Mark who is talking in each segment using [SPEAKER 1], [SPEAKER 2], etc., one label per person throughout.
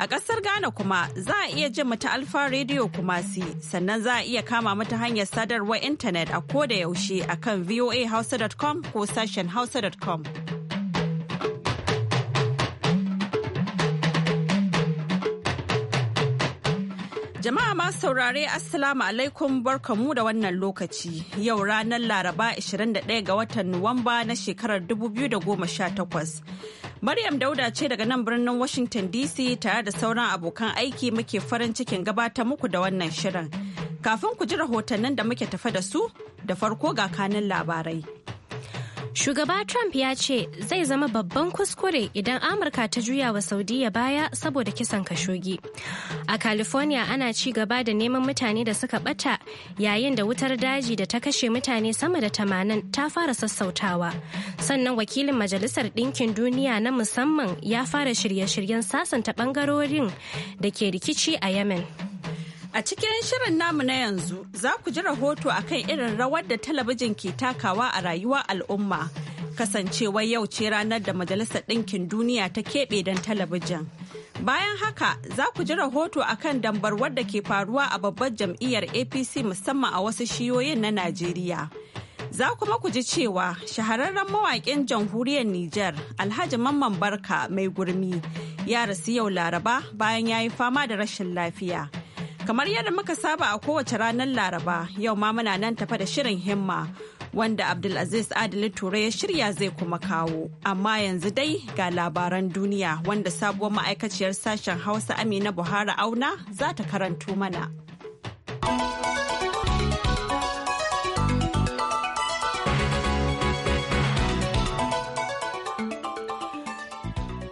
[SPEAKER 1] A ƙasar Ghana kuma za a iya jin mata Alfa Radio Kumasi sannan za a iya kama mata hanyar sadarwar intanet a koda yaushe a kan voahausa.com ko sashen hausa.com. Jama'a masu saurare Assalamu alaikum barkamu da wannan lokaci yau ranar Laraba 21 ga watan Nuwamba na shekarar 2018. Maryam Dauda ce daga nan birnin Washington DC tare da sauran abokan aiki muke farin cikin gabatar muku da wannan shirin. Kafin ku ji rahotannin da muke tafa da su, da farko ga kanin labarai.
[SPEAKER 2] Shugaba Trump ya ce zai zama babban kuskure idan Amurka ta juya wa Saudiya baya saboda kisan kashogi. A California ana ci gaba da neman mutane da suka bata yayin da wutar daji da ta kashe mutane sama da tamanin ta fara sassautawa. Sannan wakilin Majalisar Ɗinkin Duniya na musamman ya fara shirye-shiryen sasanta bangarorin da ke rikici a Yemen. A cikin shirin namu na
[SPEAKER 1] yanzu za ku ji rahoto akan irin rawar da talabijin ke takawa a rayuwar al'umma. Kasancewar yau ce ranar da Majalisar Ɗinkin Duniya ta keɓe don talabijin. Bayan haka za ku ji rahoto akan dambarwar da ke faruwa a babbar jam'iyyar APC musamman a wasu shiyoyin na Najeriya. Za kuma ku ji cewa shahararren mawaƙin jamhuriyar Nijar Alhaji Mamman Barka mai gurmi ya rasu yau Laraba bayan ya yi fama da rashin lafiya. Kamar yadda muka saba a kowace ranar Laraba, yau ma muna nan tafa da shirin himma wanda Abdulaziz Adili Ture ya shirya zai kuma kawo. Amma yanzu dai ga labaran duniya wanda sabuwar ma'aikaciyar sashen Hausa Amina Buhari Auna za ta karanto mana.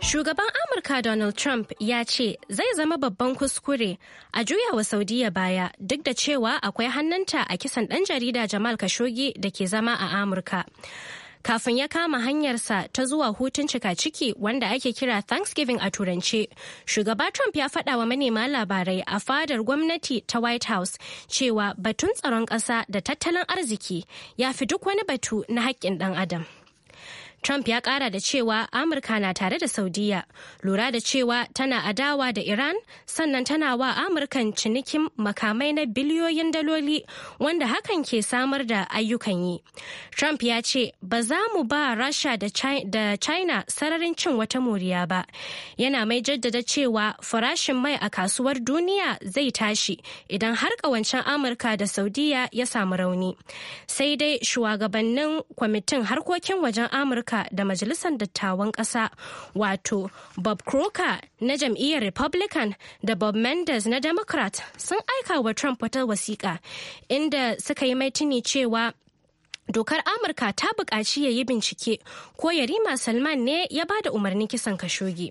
[SPEAKER 2] Shugaban Amurka Donald Trump ya ce zai zama babban kuskure a juyawa Saudiya baya duk da cewa akwai hannunta a kisan ɗan jarida Jamal Khashoggi da ke zama a Amurka. Kafin ya kama hanyarsa ta zuwa hutun cika ciki wanda ake kira Thanksgiving a turance, shugaba Trump ya faɗa wa manema labarai a fadar gwamnati ta White House cewa batun tsaron ƙasa da tattalin arziki ya fi duk wani batu na haƙƙin ɗan adam. Trump ya kara da cewa Amurka na tare da Saudiya, lura da cewa tana adawa da Iran sannan tana wa Amurkan cinikin makamai na biliyoyin daloli wanda hakan ke samar da ayyukan yi. Trump ya ce ba za mu ba Rasha da China sararin cin wata moriya ba. Yana mai jaddada cewa farashin mai a kasuwar duniya zai tashi idan har kawancen Amurka da Saudiya ya samu rauni. Sai dai shugabannin kwamitin harkokin wajen Amurka haka da majalisar dattawan ƙasa wato bob croker na jam'iyyar republican da bob mendes na democrat sun aika wa trump wata wasiƙa inda suka yi mai tuni cewa dokar amurka ta buƙaci ya yi bincike ko yarima salman ne ya ba da umarnin kisan kashogi.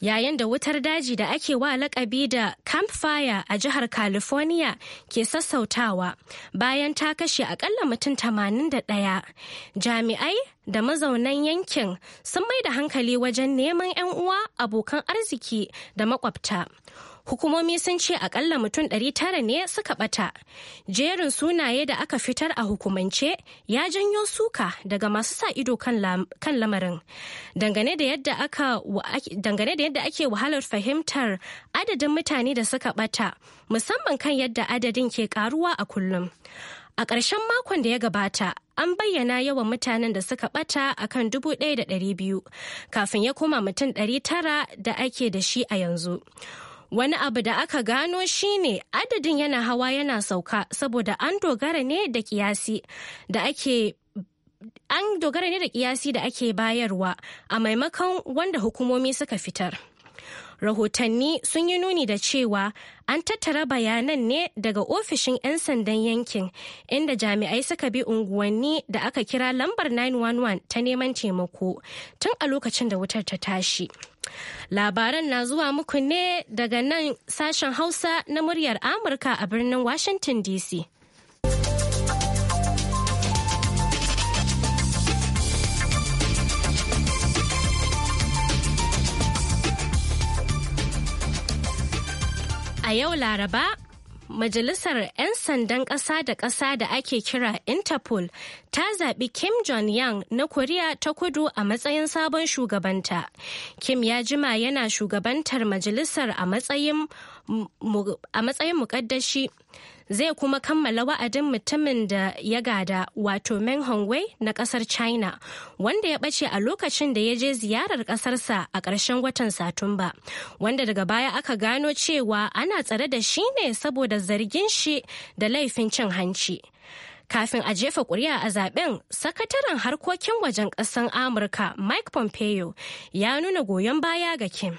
[SPEAKER 2] yayin da wutar daji da ake wa lakabi da campfire a jihar california ke sassautawa bayan ta kashe akalla mutum 81 jami'ai da mazaunan yankin sun mai da hankali wajen neman 'yan uwa abokan arziki da makwabta hukumomi sun ce akalla mutum 900 ne suka bata jerin sunaye da aka fitar a hukumance ya janyo suka daga masu sa ido kan lamarin dangane da yadda ake wahalar fahimtar adadin mutane da suka bata musamman kan yadda adadin ke karuwa a kullum A ƙarshen makon da ya gabata, an bayyana yawan mutanen da suka ɓata a kan biyu kafin ya koma mutum ɗari tara da ake da shi a yanzu. Wani abu da aka gano shine adadin yana hawa yana sauka saboda an dogara ne da kiyasi da ake an dogara ne da kiyasi da ake bayarwa a maimakon wanda hukumomi suka fitar. rahotanni sun yi nuni da cewa an tattara bayanan ne daga ofishin 'yan sandan yankin inda jami'ai suka bi unguwanni da aka kira lambar 911 ta neman taimako tun a lokacin da wutar ta tashi labaran na zuwa muku ne daga nan sashen hausa na muryar amurka a birnin washington dc A yau Laraba, Majalisar 'yan sandan ƙasa da ƙasa da ake kira Interpol ta zaɓi Kim Jong-yang na Koriya ta kudu a matsayin sabon shugabanta. Kim ya jima yana shugabantar majalisar a matsayin muƙaddashi. zai kuma kammala wa'adin mutumin da ya gada wato Meng Hongwei na kasar China wanda ya ɓace a lokacin da ya je ziyarar ƙasarsa a ƙarshen watan Satumba wanda daga baya aka gano cewa ana tsare da shi ne saboda zargin shi da laifin cin hanci. kafin a jefa kuri'a a zaben sakataren harkokin wajen ƙasan amurka mike pompeo ya nuna goyon baya ga kim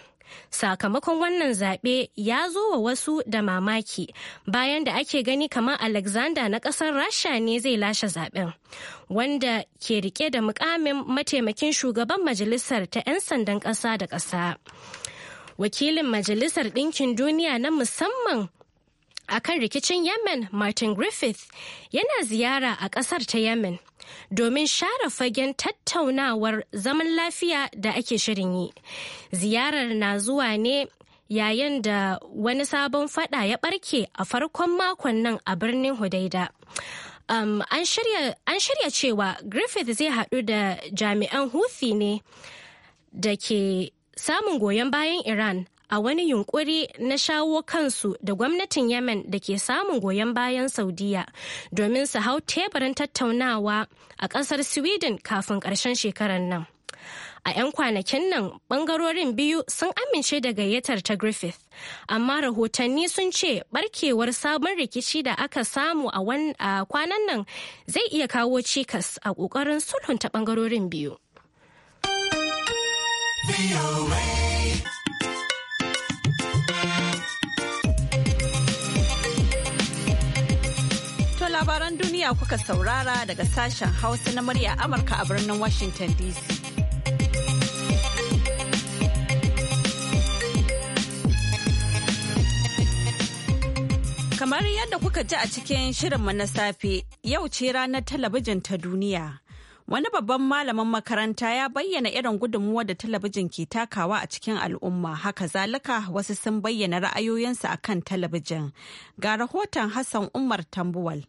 [SPEAKER 2] Sakamakon wannan zaɓe ya zo wa wasu da mamaki bayan da ake gani kamar Alexander na ƙasar Rasha ne zai lashe zaɓen, wanda ke rike da mukamin mataimakin shugaban majalisar ta 'yan sandan ƙasa da ƙasa. Wakilin Majalisar Ɗinkin Duniya na musamman akan rikicin Yemen Martin Griffith yana ziyara a ƙasar ta Yemen. domin share fagen tattaunawar zaman lafiya da ake shirin yi. Ziyarar na zuwa ne yayin da wani sabon fada ya barke a farkon makon nan a birnin Hudaida. Um, an shirya cewa Griffith zai haɗu da jami'an Houthi ne da ke samun goyon bayan Iran a wani yunkuri na shawo kansu da gwamnatin yemen da ke samun goyon bayan saudiya domin su hau teburin tattaunawa a ƙasar sweden kafin ƙarshen shekarar nan a 'yan kwanakin nan bangarorin biyu sun amince da gayyatar ta griffith amma rahotanni sun ce barkewar sabon rikici da aka samu a kwanan nan zai iya kawo cikas a ƙoƙarin sulhunta bangarorin biyu.
[SPEAKER 1] duniya kuka saurara daga sashen Hausa na murya Amurka a birnin Washington DC. Kamar yadda kuka ji a cikin shirinmu na safe, yau ce ranar talabijin ta duniya. Wani babban malamin makaranta ya bayyana irin gudunmuwa da talabijin ke takawa a cikin al'umma, haka zalika wasu sun bayyana ra'ayoyinsu akan talabijin. Ga rahoton Hassan Umar Tambuwal.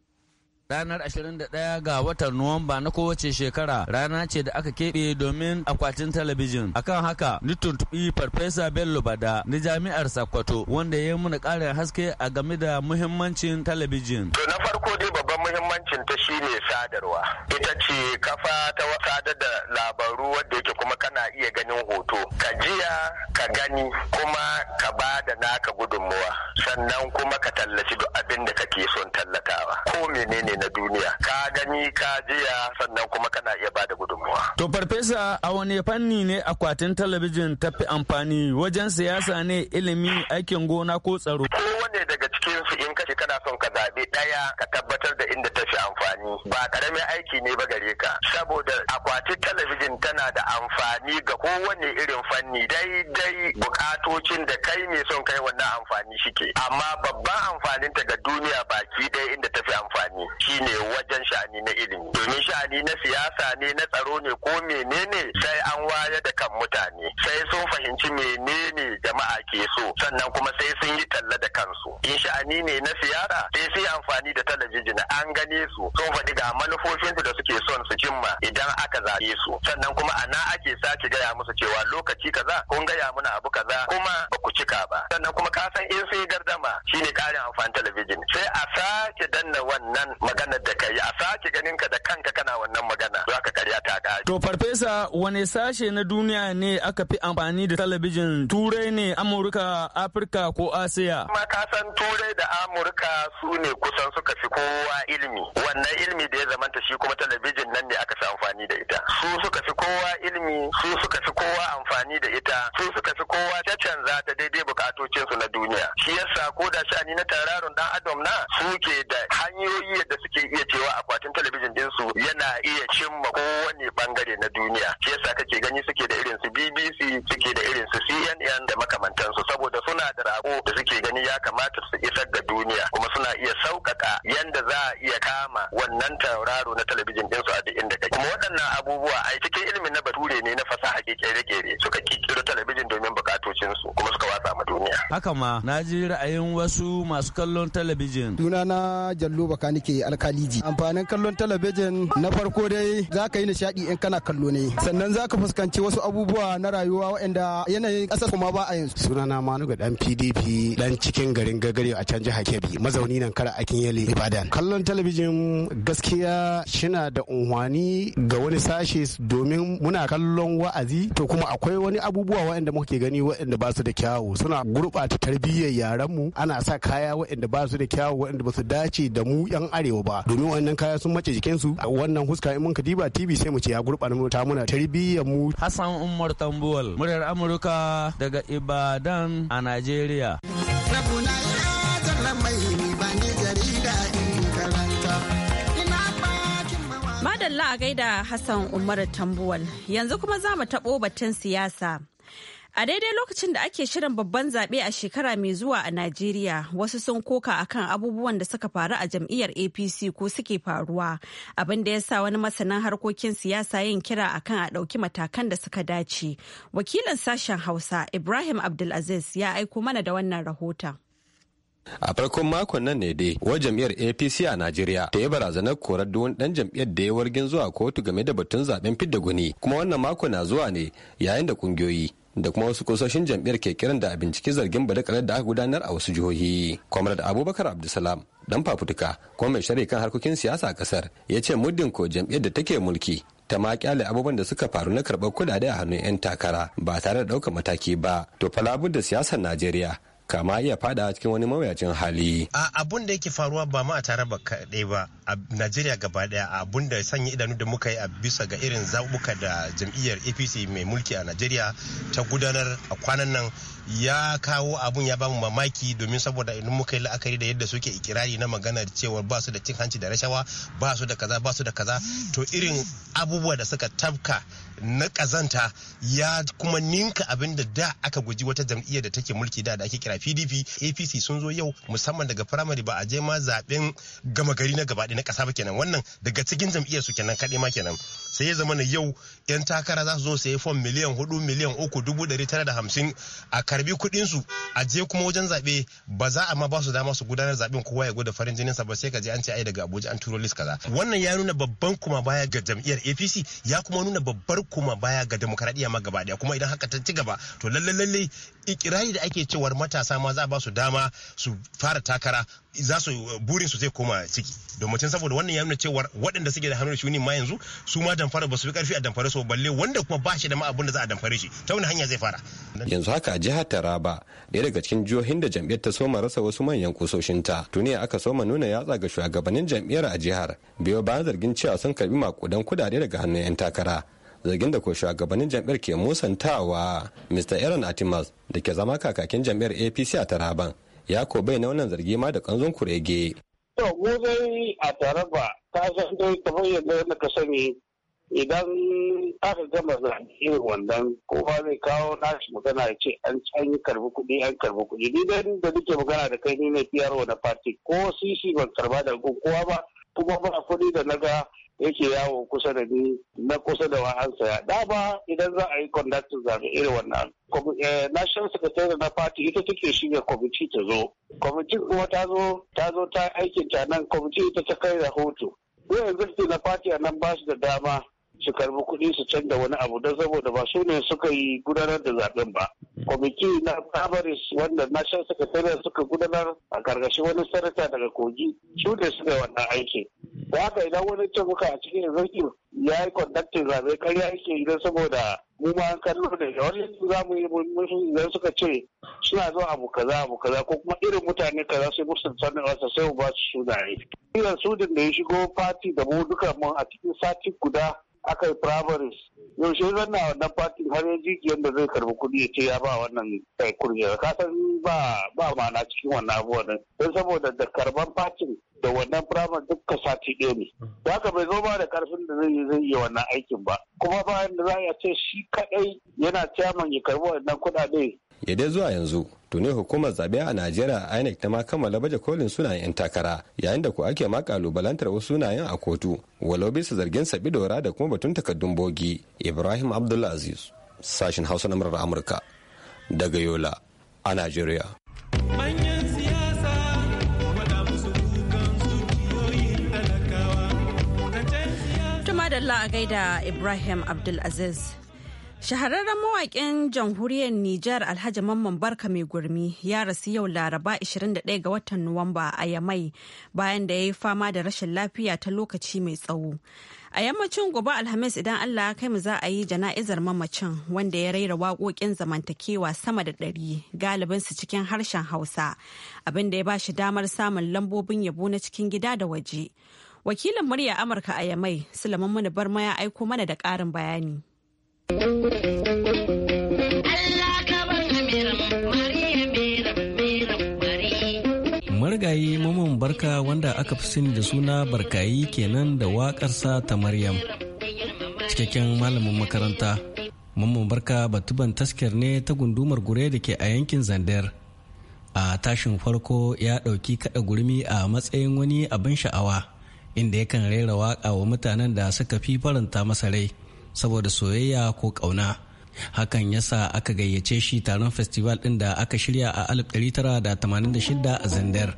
[SPEAKER 3] Ranar 21 ga watan Nuwamba na kowace shekara rana ce da aka keɓe domin akwatin talabijin. Akan haka, ni tuntuɓi Farfesa Bello Bada na Jami'ar sakwato wanda ya muna ƙarin haske a game da muhimmancin talabijin. To na farko dai babban muhimmancin ta shine sadarwa. Ita ce kafa ta
[SPEAKER 4] sadar da labaru wadda yake kuma kana iya ganin hoto. jiya ka gani kuma ka ba da naka gudunmuwa sannan kuma ka tallaci duk abin da kake son tallatawa ko menene na duniya ka gani ka jiya sannan kuma kana iya ba
[SPEAKER 3] da gudunmuwa. To farfesa a wani fanni ne akwatin talabijin tafi amfani wajen siyasa ne ilimi aikin gona ko tsaro. Kowane daga cikinsu in kace kana son ka zaɓi ɗaya
[SPEAKER 4] ka tabbatar da inda ta fi amfani ba ƙaramin aiki ne ba gare ka saboda akwatin talabijin ta. kowane irin fanni daidai bukatocin da kai ne son kai wannan amfani shike amma babban amfanin ta ga duniya baki ɗaya inda tafi amfani shine wajen sha'ani na ilimi domin sha'ani na siyasa ne na tsaro ne ko menene sai an wayar da kan mutane sai sun fahimci menene jama'a ke so sannan kuma sai sun yi talla da kansu in sha'ani ne na siyasa sai sun yi amfani da talabijin an gane su sun faɗi ga manufofinsu da suke son su cimma idan aka zaɓe su sannan kuma a na ake sake gaya musu cewa lokaci kaza kun gaya muna abu kaza kuma ba ku cika ba sannan kuma ka san in sai gardama shine karin amfanin talabijin sai a sake danna wannan maganar da kai a sake ganin ka da kanka
[SPEAKER 3] To farfesa wani sashe na duniya ne aka fi amfani da talabijin turai ne Amurka, Afirka ko Asiya? Makasan turai da Amurka su ne kusan suka fi kowa ilimi. Wannan ilimi da ya zamanta shi kuma talabijin nan ne aka fi amfani da ita. Su suka fi kowa ilimi, su suka fi kowa amfani da ita, su suka fi
[SPEAKER 4] kowa ta canza ta daidai su na duniya shi yasa ko da sha'ani na tararon dan adam na suke da hanyoyi da suke iya cewa akwatin talabijin su yana iya cimma kowane bangare na duniya shi yasa kake gani suke da irin su BBC suke da irin su CNN da su saboda suna da rako da suke gani ya kamata su isar ga duniya kuma suna iya sauƙaƙa
[SPEAKER 3] yanda za a iya kama wannan tauraro na talabijin su a duk inda kake kuma waɗannan abubuwa a cikin ilimin na bature ne na fasaha kere-kere suka kikiro talabijin domin bukatocin su kuma suka wasa duniya. Haka ma na ji ra'ayin wasu masu kallon talabijin. Suna
[SPEAKER 5] na Jallo Baka nake alkaliji. Amfanin kallon talabijin na farko dai za ka yi nishaɗi in kana kallo ne. Sannan za ka fuskanci wasu abubuwa na rayuwa waɗanda yanayin ƙasar kuma ba a yanzu. Suna na Manu ga ɗan PDP ɗan cikin garin Gagare a can jiha Kebbi mazauni nan kara akin Yale Ibadan. Kallon talabijin gaskiya shina da unhwani ga wani sashe domin muna kallon wa'azi to kuma akwai wani abubuwa waɗanda muke gani waɗanda ba su da kyawu suna gurɓata tarbiyyar yaran mu ana sa kaya waɗanda ba su da kyawu waɗanda ba su dace da mu yan arewa ba domin wannan kaya sun mace jikin su wannan huska in mun ka diba TV sai mu ce ya
[SPEAKER 3] gurɓata mu ta muna tarbiyyar mu Hassan Umar Tambuwal muryar Amurka daga Ibadan a Najeriya.
[SPEAKER 1] Madalla a gaida Hassan Umar Tambuwal yanzu kuma za mu taɓo batun siyasa. A daidai lokacin da ake shirin babban zaɓe a shekara mai zuwa a Najeriya, wasu sun koka akan abubuwan da suka faru a jam'iyyar APC ko suke faruwa, abin da ya sa wani masanin harkokin siyasa yin kira akan a ɗauki matakan da suka dace. Wakilin sashen Hausa, Ibrahim Abdulaziz, ya aiko mana da wannan rahoton.
[SPEAKER 6] a farkon makon nan ne dai wa jam'iyyar apc a najeriya ta yi barazanar korar duk dan jam'iyyar da ya wargin zuwa kotu game da batun zaben fidda guni kuma wannan mako na zuwa ne yayin da ƙungiyoyi. da kuma wasu kusoshin jam'iyyar ke kiran da bincike zargin badakalar da aka gudanar a wasu jihohi. Comrade Abubakar Abdulsalam dan fafutuka kuma mai shari kan harkokin siyasa a kasar ya ce muddin ko jam'iyyar da take mulki ta ma kyale abubuwan da suka faru na karɓar kudade a hannun 'yan takara ba tare da ɗaukar mataki ba to Falabud da siyasar Najeriya kama iya fada cikin wani mawuyacin hali.
[SPEAKER 5] A abun da yake faruwa ba ma a tare ba kaɗai ba a Najeriya gaba ɗaya abun da sanya idanu da muka yi a bisa ga irin zaɓuka da jam'iyyar APC mai mulki a Najeriya ta gudanar a kwanan nan ya kawo abun ya bamu mamaki domin saboda idan muka yi la'akari da yadda suke ikirari na maganar cewa ba su da cin hanci da rashawa ba su da kaza ba su da kaza to irin abubuwa da suka tabka na kazanta ya kuma ninka abin da da aka guji wata jam'iyyar da take mulki da da ake kira pdp apc sun zo yau musamman daga firamare ba a je ma zaben gama gari na gabaɗaya na ƙasa ba kenan wannan daga cikin jam'iyyar su kenan kaɗai ma kenan sai ya zama na yau 'yan takara za su zo sai fom miliyan hudu miliyan uku dubu dari tara da hamsin a karbi kuɗinsu a je kuma wajen zaɓe ba za a ma ba su dama su gudanar zaɓen kowa ya gwada farin jininsa ba sai ka je an ce ai daga abuja an turo list kaza wannan ya nuna babban kuma baya ga jam'iyyar apc ya kuma nuna babbar kuma baya ga demokaradiyya ma gaba daya kuma idan haka ta ci gaba to lallai lallai ikirari da ake cewar matasa ma za a ba su dama su fara takara za su burin su zai koma ciki domin saboda wannan ya nuna cewa waɗanda suke da hannun shuni ma yanzu su ma damfara ba su fi karfi a damfara su balle wanda kuma ba shi da ma abin da za a damfare shi ta wani hanya zai fara
[SPEAKER 6] yanzu haka a jihar Taraba ɗaya daga cikin jihohin da jam'iyyar ta soma rasa wasu manyan kusoshinta tuni aka soma nuna yatsa ga shugabannin jam'iyyar a jihar biyo bayan zargin cewa sun karbi makudan kudade daga hannun 'yan takara zargin da ko shugabannin jam'iyyar ke musantawa Mr. Aaron Atimas da ke zama kakakin jam'iyyar APC a Taraban ya ko bai na wannan zargi ma da kanzon kurege.
[SPEAKER 7] to mu dai a taraba ta san dai kamar yadda wanda ka sani idan aka gama zaɓe irin wannan kowa zai kawo nashi magana ya ce an yi karbi kuɗi an karbi kuɗi ni dan da nake magana da kai ni ne PRO na party ko sisi ban karba da kowa ba kuma ba kuɗi da na ga. yake yawo kusa da ni na kusa da wahansa da ba idan za a yi conducting zaɓe irin wannan eh, national secretary na party ita take shirya kwamiti ta zo kwamiti kuma ta zo ta zo ta aikin ta nan kwamiti ita ta kai rahoto ko yanzu na party a nan ba su da dama su karbi kuɗi su canza wani abu don saboda ba su ne suka yi gudanar da zaben ba. Kwamiti na Tabaris wanda National Secretary suka gudanar a ƙarƙashin wani sarata daga Kogi su ne suka yi wannan aiki. Da haka idan wani can muka a cikin zaki ya yi kondaktin zaɓe karya aiki idan saboda mu ma an kallo da ga wani za mu yi musu idan suka ce suna zuwa abu kaza abu kaza ko kuma irin mutane kaza sai musu sanin wasa sai mu ba su sunaye. Irin sudin da ya shigo fati da mu duka mun a cikin sati guda aka yi primaries yaushe zanna wannan fatin har ya jiki da zai karbi kuɗi ya ce ya ba wannan eh, kai ka san ba ma'ana cikin wannan ne don saboda da karban fatin da wannan firamar duka sati ɗaya ne da haka bai zo ba da karfin da zai zai yi wannan aikin ba kuma bayan da za a ce shi kaɗai yana ciyaman ya karbi wannan kuɗaɗe
[SPEAKER 6] ya dai zuwa yanzu tuni hukumar zabe a najeriya inec ta ma kammala baje kolin sunayen 'yan takara yayin da ku ake ma kalubalantar wasu sunayen a kotu walau bisa zargin sabi dora da kuma batun takardun bogi ibrahim abdulaziz sashen hausa na murar amurka daga yola a najeriya
[SPEAKER 1] Madalla a gaida Ibrahim Abdulaziz. Shahararren mawaƙin jamhuriyar Nijar Alhaji Mamman Barka mai gurmi ya rasu yau Laraba 21 ga watan Nuwamba a Yamai bayan da ya yi fama da rashin lafiya ta lokaci mai tsawo. A yammacin gobe Alhamis idan Allah ya kai mu za a yi jana'izar mamacin wanda ya raira waƙoƙin zamantakewa sama da ɗari galibin su cikin harshen Hausa abin da ya ba shi damar samun lambobin yabo na cikin gida da waje. Wakilin murya Amurka a Yamai Sulaiman Muni Barma ya aiko mana da ƙarin bayani.
[SPEAKER 8] marigayi maman barka wanda aka fi sani da suna barkayi kenan da waƙarsa ta maryam cikakken malamin makaranta mamman barka batuban taskar ne ta gundumar gure da ke a yankin zandar a tashin farko ya ɗauki kaɗa gurmi a matsayin wani abin sha'awa inda yakan rera waka wa mutanen da suka fi faranta masa rai saboda soyayya ko ƙauna. hakan yasa aka gayyace shi taron festival ɗin da aka shirya a 1986 a zandar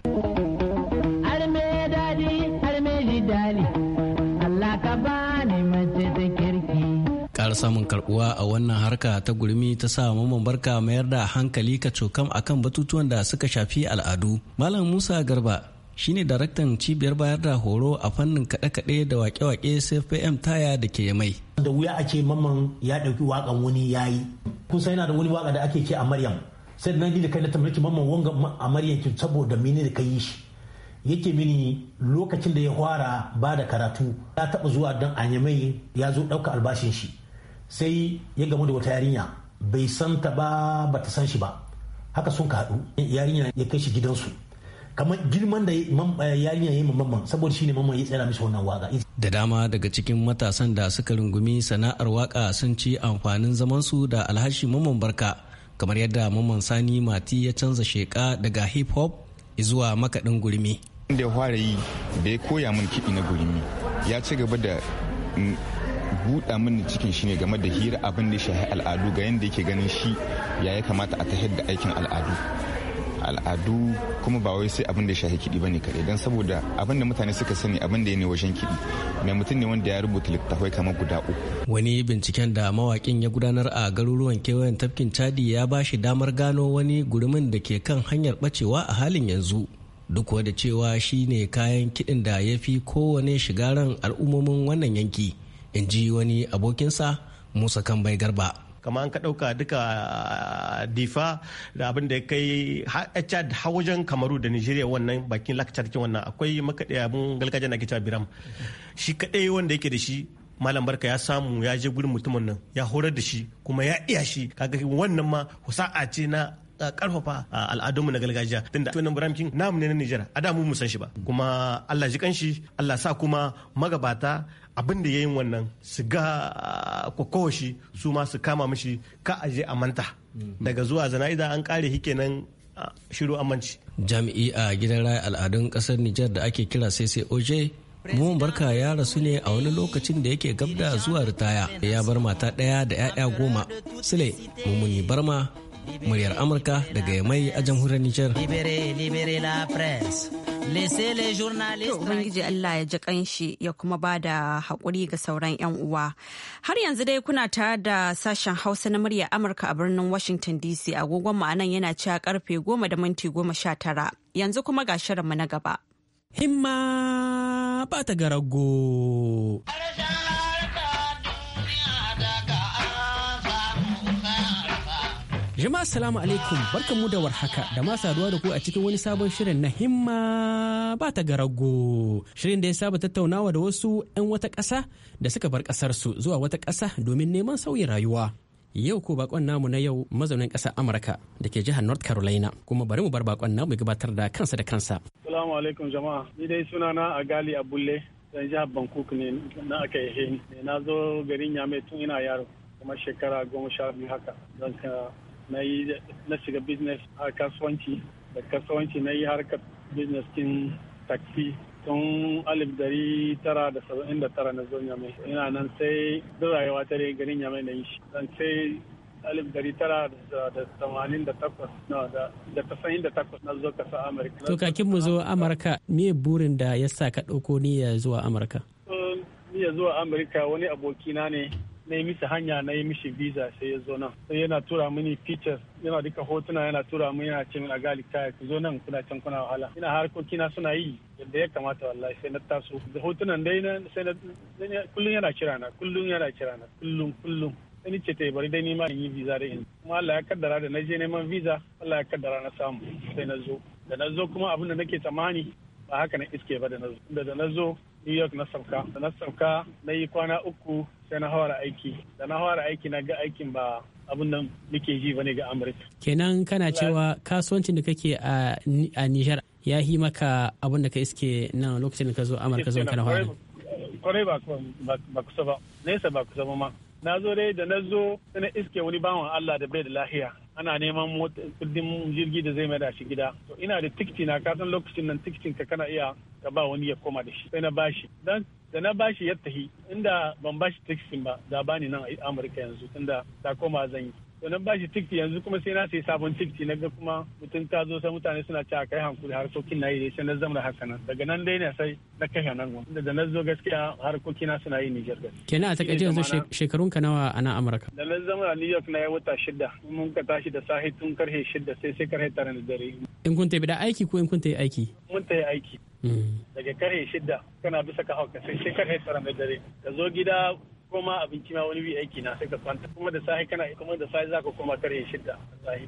[SPEAKER 8] Kar samun karbuwa a wannan harka ta gurmi ta sa mamman barka mayar da hankali ka cokam akan batutuwan da suka shafi al'adu malam musa garba shine daraktan cibiyar bayar da horo a fannin kaɗe-kaɗe da wake-wake cfm taya da ke mai
[SPEAKER 5] da wuya ake ce mamman ya ɗauki waƙan wani yayi kun san yana da wani waka da ake ce a maryam sai da na ji da kai na tambaye ki mamman wanga a maryam ki saboda mini da ka yi shi yake mini lokacin da ya fara ba da karatu ya taɓa zuwa don mai ya zo ɗauka albashin shi sai ya gamu da wata yarinya bai san ta ba bata san shi ba haka sun kaɗu yarinya ya kai shi gidansu kamar girman da eh, yarinya ya yi mamman saboda shine mamman ya tsira mishi wannan waka
[SPEAKER 8] da dama daga cikin matasan da suka rungumi sana'ar waka sun ci amfanin zaman su da alhashi mamman barka kamar yadda mamman sani mati ya canza sheka daga hip hop zuwa makaɗin gurmi
[SPEAKER 6] da ya fara yi
[SPEAKER 5] da ya koya min kiɗi na gurmi ya ci gaba da mm, buɗa min cikin shi ne game da hira abin da shahi al'adu ga yadda yake ganin shi ya ya kamata a ta da aikin al'adu al'adu kuma ba wai sai abin da ya shafi kiɗi ne kaɗai don saboda abin da mutane suka sani abin da ya ne wajen kiɗi mai mutum ne wanda ya rubuta littafai kamar guda uku.
[SPEAKER 8] wani binciken da mawakin ya gudanar a garuruwan kewayen tafkin chadi ya ba shi damar gano wani gurumin da ke kan hanyar bacewa a halin yanzu duk da cewa shi ne kayan kiɗin da ya fi kowane shigaran al'ummomin wannan yanki in ji wani abokinsa musa Kambai garba.
[SPEAKER 5] kamar an ka ɗauka duka ah, difa da abin da ya kai chad har wajen kamaru da nigeria wannan bakin cikin wannan akwai makaɗe abin gargajiya na cewa biram shi kaɗai wanda yake da shi malam barka ya samu ya je gurin mutumin nan ya horar da shi kuma ya iya shi kaga wannan ma husa'a ce na karfafa ah, ah, al'adunmu na gargajiya tun da tunan buramkin namu ne na Nijar adamu da mu san shi ba kuma Allah ji kanshi Allah sa kuma magabata abin da ya yin wannan su ga kokoshi su ma su kama mishi ka aje a manta daga zuwa zana'ida an kare hikenan shiru amanci
[SPEAKER 8] jami'i a gidan raya al'adun kasar nijar da ake kira sai oj Muhammad Barka ya rasu ne a wani lokacin da yake gabda zuwa ritaya ya bar mata ɗaya da 'ya'ya goma. Sule Mummuni Barma, muryar Amurka daga Yamai a jamhuriyar Nijar.
[SPEAKER 1] To Ubangiji Allah ya ji kanshi ya kuma ba da haƙuri ga sauran 'yan uwa. Har yanzu dai kuna tare da sashen Hausa na murya Amurka a birnin Washington DC agogon mu anan yana cewa karfe goma da minti goma sha tara. Yanzu kuma ga shirinmu na gaba.
[SPEAKER 9] Himma ba ta garago. Jama'a salamu alaikum barkanmu da warhaka da ma saduwa da ku a cikin wani sabon shirin na himma ba ta garago. Shirin da ya saba tattaunawa da wasu 'yan wata ƙasa da suka bar ƙasarsu zuwa wata ƙasa domin neman sauyin rayuwa. Yau ko bakon namu na yau mazaunin ƙasar Amurka da ke jihar North Carolina kuma bari mu bar bakon namu gabatar da kansa da kansa.
[SPEAKER 10] Salamu alaikum jama'a. Ni dai sunana Agali Abulle dan jihar Bangkok ne na aka yi ne Na zo garin Yamai tun ina yaro kuma shekara goma sha biyu haka. na shiga business a kasuwanci da kasuwanci na yi harkar business din taxi tun alif dari tara da saba'in da tara na zon yamai ina nan sai duk rayuwa ta dai garin yamai na yi shi dan sai alif dari tara da tamanin da takwas da tasa'in da takwas na zo kasa amurka to kakin
[SPEAKER 9] mu zo amurka me burin da ya sa ka ɗauko niyya zuwa amurka
[SPEAKER 10] niyya zuwa amurka wani abokina ne na yi misi hanya na yi mishi visa sai ya zo nan sai yana tura mini pictures yana duka hotuna yana tura mini yana ce a gali kaya ku zo nan kuna can kuna wahala ina harkokina suna yi yadda ya kamata wallahi sai na taso da hotunan dai na sai na kullum yana kira na kullum yana kira na kullum kullum sai ni ce ta bari dai ni ma yi visa da in kuma Allah ya kaddara da na je neman visa Allah ya kaddara na samu sai na zo da na zo kuma abin da nake tsammani ba haka na iske ba da na zo da na zo new york na sauka da na sauka na yi kwana uku sai na hawara aiki da na hawara aiki na ga aikin ba abun nan muke ji bane ga amurka
[SPEAKER 9] kenan kana cewa kasuwancin da kake a nijar ya yi maka abun da ka iske nan lokacin da ka zo amurka zo kana hawara
[SPEAKER 10] kwarai ba kusa ba nesa ba kusa ba ma na zo dai da na zo na iske wani bawan Allah da bai da lahiya ana neman kudin jirgi da zai mada shi gida to ina da tikiti na kasan lokacin nan tikitin ka kana iya ka ba wani ya koma da shi sai na bashi dan da na bashi ya tahi inda ban bashi tikitin ba da bani nan a Amurka yanzu tunda ta koma zan yi wannan bashi tikti yanzu kuma sai na sai sabon tikti na ga kuma mutum ta zo sai mutane suna cewa kai hankuri harkokin na yi ne sai na zama haka nan daga nan dai ne sai na kashe nan gwam da na zo gaskiya harkokin na suna yi Niger gaskiya
[SPEAKER 9] kenan a takaice yanzu shekarun ka nawa a nan Amurka
[SPEAKER 10] da na zama a New York na ya wata shida mun ka tashi da sahi tun karhe shida sai sai karhe tara da dare
[SPEAKER 9] in kun tafi da aiki ko in kun tafi aiki
[SPEAKER 10] mun tafi aiki hmm. daga karhe shida kana bisa ka hauka sai sai karhe tara da dare ka zo gida koma abinci ma wani bi aiki na sai ka kwanta kuma da sai kana kuma da sai ka koma kare shidda sai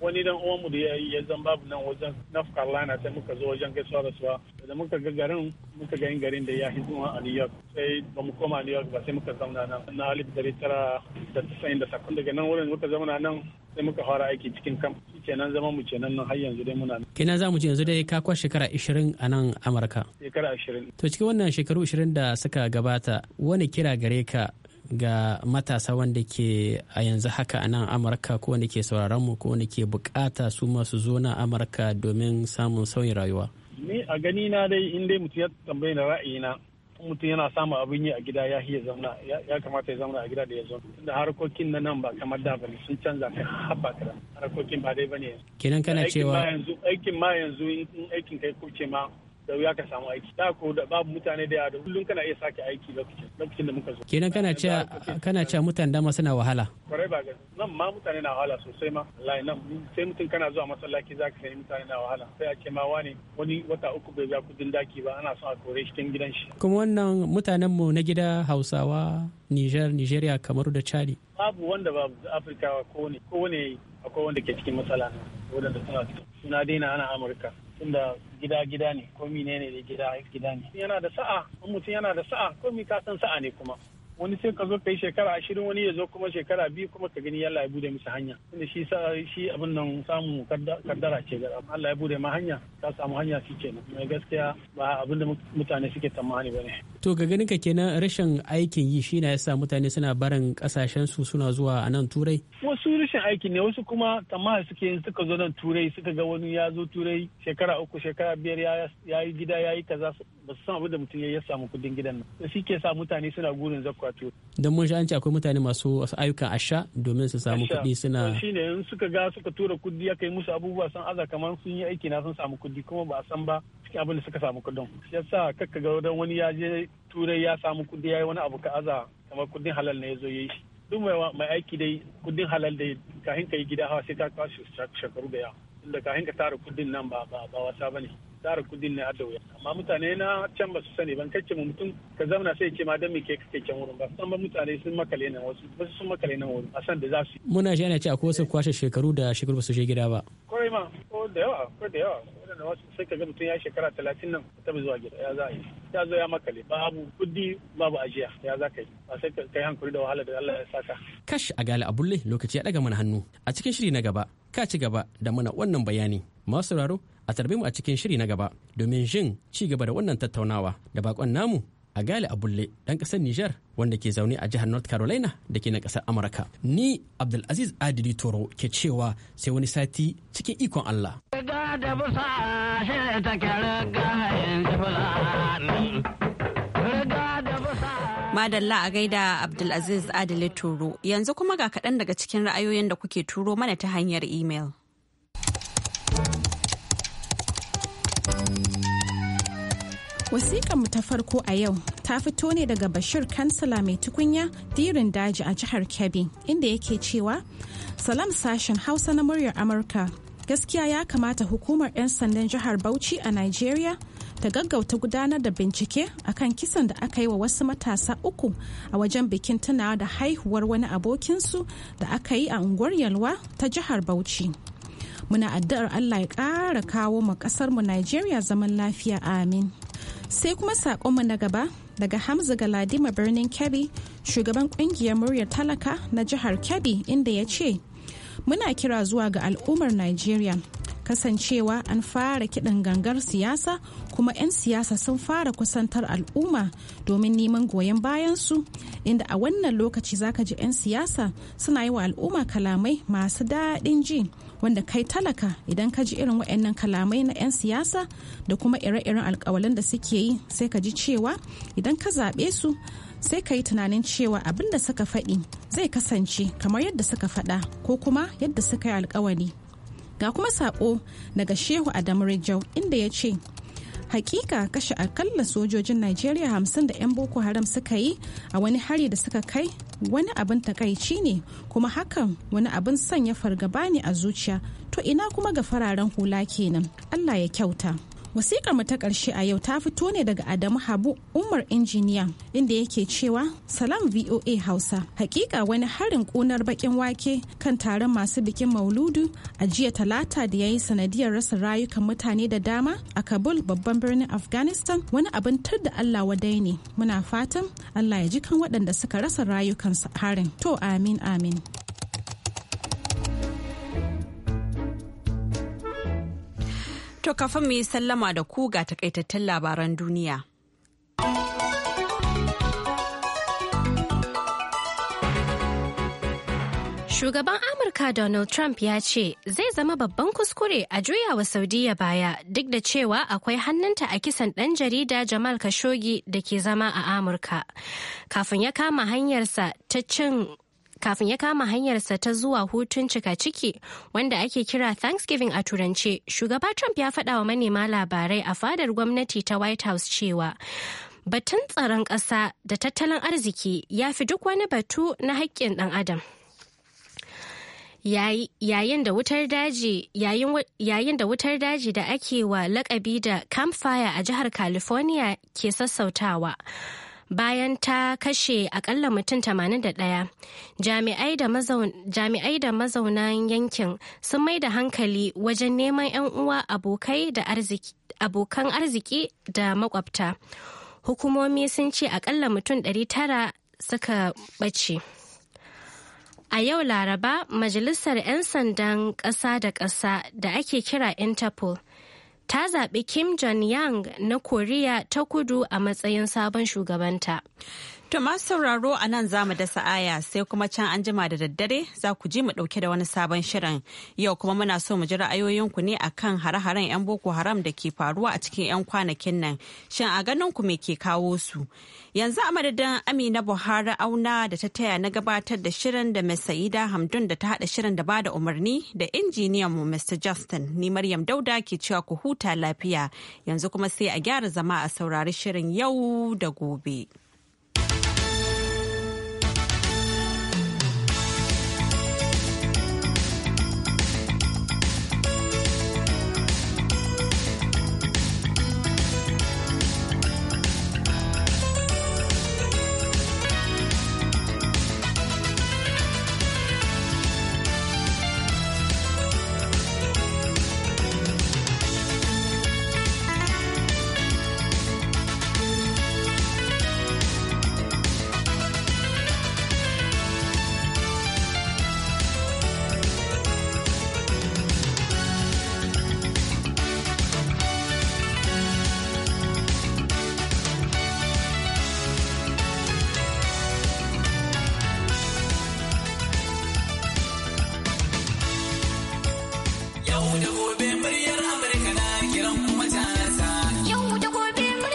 [SPEAKER 10] wani dan uwan mu da ya zan babu nan wajen north carolina sai muka zo wajen gaisuwa da suwa da muka ga garin muka ga garin da ya hidima a new york sai ba mu koma new york ba sai muka zauna nan na alif dari tara da tasa'in da sakon daga nan wurin muka zauna nan sai muka fara aiki cikin kam kenan zama mu kenan nan har yanzu dai muna
[SPEAKER 9] kenan za mu ce yanzu dai ka kwa shekara 20 a nan amurka
[SPEAKER 10] shekara 20 to
[SPEAKER 9] cikin wannan shekaru 20 da suka gabata wani kira gare ka ga matasa wanda ke a yanzu haka a nan amurka ko wanda ke sauraron mu ko wanda ke bukata su masu zo na amurka domin samun sauyin rayuwa
[SPEAKER 10] ni a gani na dai in dai mutum ya tambaye na ra'ayina mutum yana samun abin yi a gida ya iya zauna ya kamata ya zauna a gida da ya zauna da harkokin na nan ba kamar da bane sun canza kai haba kada harkokin ba dai bane kenan kana cewa aikin ma yanzu in aikin kai ce ma da wuya ka samu aiki da ko da babu mutane da yawa da kullum kana iya sake aiki lokacin lokacin da muka zo kenan
[SPEAKER 9] kana cewa kana cewa mutane dama suna wahala
[SPEAKER 10] kwarai ba gani nan ma mutane na wahala sosai ma wallahi nan sai mutum kana zuwa masallaci zaka sani mutane na wahala sai a ce ma wani wani wata uku bai biya kudin daki ba ana son a kore shi kin gidan shi
[SPEAKER 9] kuma wannan mutanen mu na gida Hausawa Niger Nigeria kamar da Chadi
[SPEAKER 10] babu wanda babu Afirka ko ne ko ne akwai wanda ke cikin matsala na wadanda suna suna daina ana amurka tunda gida gida ne komi ne ne gida gida ne yana da sa'a mutum yana da sa'a komi ka san sa'a ne kuma wani sai ka zo kai shekara ashirin wani ya zo kuma shekara biyu kuma ka gani yalla ya bude musu hanya inda shi sa shi abin nan samu kaddara ce ga Allah ya bude ma hanya ka samu hanya shi kenan mai gaskiya ba abin da mutane suke tsammani ba ne.
[SPEAKER 9] to ga ganin ka kenan rashin aikin yi shi na yasa mutane suna barin kasashen su suna zuwa a nan turai.
[SPEAKER 10] wasu rashin aikin ne wasu kuma tsammani suke yin suka zo nan turai suka ga wani ya zo turai shekara uku shekara biyar ya yi gida ya yi kaza ba su san abin da mutum ya samu kudin gidan nan da suke sa mutane suna gurin zakwato
[SPEAKER 9] dan mun an ce akwai mutane masu ayyukan asha domin su samu kuɗi suna
[SPEAKER 10] shine in suka ga suka tura kudi aka yi musu abubuwa san aza kamar sun yi aiki na sun samu kudi kuma ba a san ba cikin abin da suka samu ya yasa kakka ga dan wani ya je turai ya samu kuɗi ya yi wani abu ka aza kamar kudin halal ne ya zo ya yi duk mai aiki dai kudin halal dai kahin ka yi gida hawa sai ka kwashe shekaru da yawa tunda kahin ka tara kudin nan ba wasa ba ne tsara kudin ne da wuya amma mutane na can ba su sani ban kacce mu mutum ka zamana sai ce ma dan me ke kake can wurin ba san ba mutane sun makale nan wasu wasu sun makale nan wurin a san da za su
[SPEAKER 9] muna shi ana ce akwai wasu kwashe shekaru da shekaru ba su je gida ba
[SPEAKER 10] kwarai ma ko da yawa ko da yawa wadanda wasu sai ka ga mutum ya shekara talatin nan ta zuwa gida ya za yi ya zo ya makale babu kudi babu ajiya ya za ka yi ba sai ka yi hankali da wahala da Allah ya saka
[SPEAKER 9] kash a gali abulle lokaci ya daga mana hannu a cikin shiri na gaba ka ci gaba da mana wannan bayani masu sauraro a tarbi mu a cikin shiri na gaba domin jin ci gaba da wannan tattaunawa da bakon namu a gali abulle dan kasar Nijar wanda ke zaune a jihar North Carolina da ke na kasar Amurka. Ni Abdulaziz Adili Toro ke cewa sai wani sati cikin ikon Allah.
[SPEAKER 1] Madalla a gaida Abdulaziz Adili turo yanzu kuma ga kaɗan daga cikin ra'ayoyin da kuke turo mana ta hanyar imel.
[SPEAKER 11] Wasiƙanmu ta farko a yau ta fito ne daga Bashir Kansala mai tukunya dirin daji a jihar Kebbi inda yake cewa Salam sashen Hausa na muryar Amurka gaskiya ya kamata hukumar 'yan sandan jihar Bauchi a Nigeria ta gaggauta gudanar da bincike akan kisan da aka yi wa wasu matasa uku a wajen bikin tunawa da haihuwar wani abokinsu da aka yi a unguwar yalwa ta jihar Bauchi. Muna addu'ar Allah ya ƙara kawo mu ƙasarmu Najeriya zaman lafiya amin. sai kuma saƙonmu na gaba daga hamza galadima birnin kebbi shugaban ƙungiyar muryar talaka na jihar kebbi inda ya ce muna kira zuwa ga al'ummar nigeria kasancewa an fara kiɗan gangar siyasa kuma 'yan siyasa sun fara kusantar al'umma domin neman goyon bayansu inda a wannan lokaci zaka ji 'yan siyasa suna yi wa al'umma kalamai masu daɗin ji wanda kai talaka idan ka ji irin waɗannan kalamai na 'yan siyasa da kuma ire-iren alkawalan da suke yi sai ka ji cewa idan ka zaɓe su sai ka yi tunanin cewa abin da suka faɗi zai kasance kamar yadda suka faɗa ko kuma yadda suka yi alkawari ga kuma saƙo daga shehu adamu rijau inda ya ce hakika kashe akalla sojojin najeriya hamsin da 'yan boko haram suka yi a wani hari da suka kai wani abin takaici ne kuma hakan wani abin sanya fargaba ne a zuciya to ina kuma ga fararen hula kenan allah ya kyauta Wasikar mu ta ƙarshe a yau ta fito ne daga Adamu Habu Umar Injiniya inda yake cewa Salam VOA Hausa. Hakika wani harin ƙunar bakin wake kan taron masu bikin Mauludu a jiya Talata da ya yi sanadiyar rasa rayukan mutane da dama a Kabul babban birnin Afghanistan wani abin tar da Allah wadai ne. Muna fatan Allah ya ji kan waɗanda suka rasa rayukansu harin. To amin amin.
[SPEAKER 1] To kafin mu yi sallama da ku ga takaitattun labaran
[SPEAKER 2] duniya. Shugaban Amurka Donald Trump ya ce zai zama babban kuskure a juyawa Saudiya baya duk da cewa akwai hannunta a kisan ɗan jarida Jamal Khashoggi da ke zama a Amurka. Kafin ya kama hanyarsa ta cin kafin ya kama hanyarsa ta zuwa hutun cika ciki wanda ake kira thanksgiving a turance shugaba trump ya faɗa wa manema labarai a fadar gwamnati ta white house cewa batun tsaron ƙasa da tattalin arziki ya fi duk wani batu na haƙƙin ɗan adam yayin da wutar daji yayin da wutar daji da ake wa lakabi da campfire a jihar california ke sassautawa bayan ta kashe akalla mutum ɗaya, jami'ai da mazaunan yankin sun mai da hankali wajen neman 'yan uwa abokan arziki da makwabta hukumomi sun ce akalla mutum ɗari tara suka ɓace A yau Laraba, Majalisar 'Yan Sandan Ƙasa da Ƙasa da ake kira Interpol ta zaɓi Kim Jong-yang na Koriya ta kudu a matsayin sabon shugabanta. To masu sauraro a nan za mu dasa
[SPEAKER 1] aya sai kuma can an jima da daddare za ku ji mu ɗauke da wani sabon shirin. Yau kuma muna so mu ji ra'ayoyinku ne a akan hare-haren 'yan Boko Haram da ke faruwa a cikin 'yan kwanakin nan. Shin a ganin ku me ke kawo su? Yanzu a madadin Amina Buhari auna da ta taya na gabatar da shirin da mai Sa'ida Hamdun da ta haɗa shirin da ba da umarni da injiniyan mu Mr. Justin ni Maryam Dauda ke cewa ku huta lafiya. Yanzu kuma sai a gyara zama a saurari shirin yau da gobe.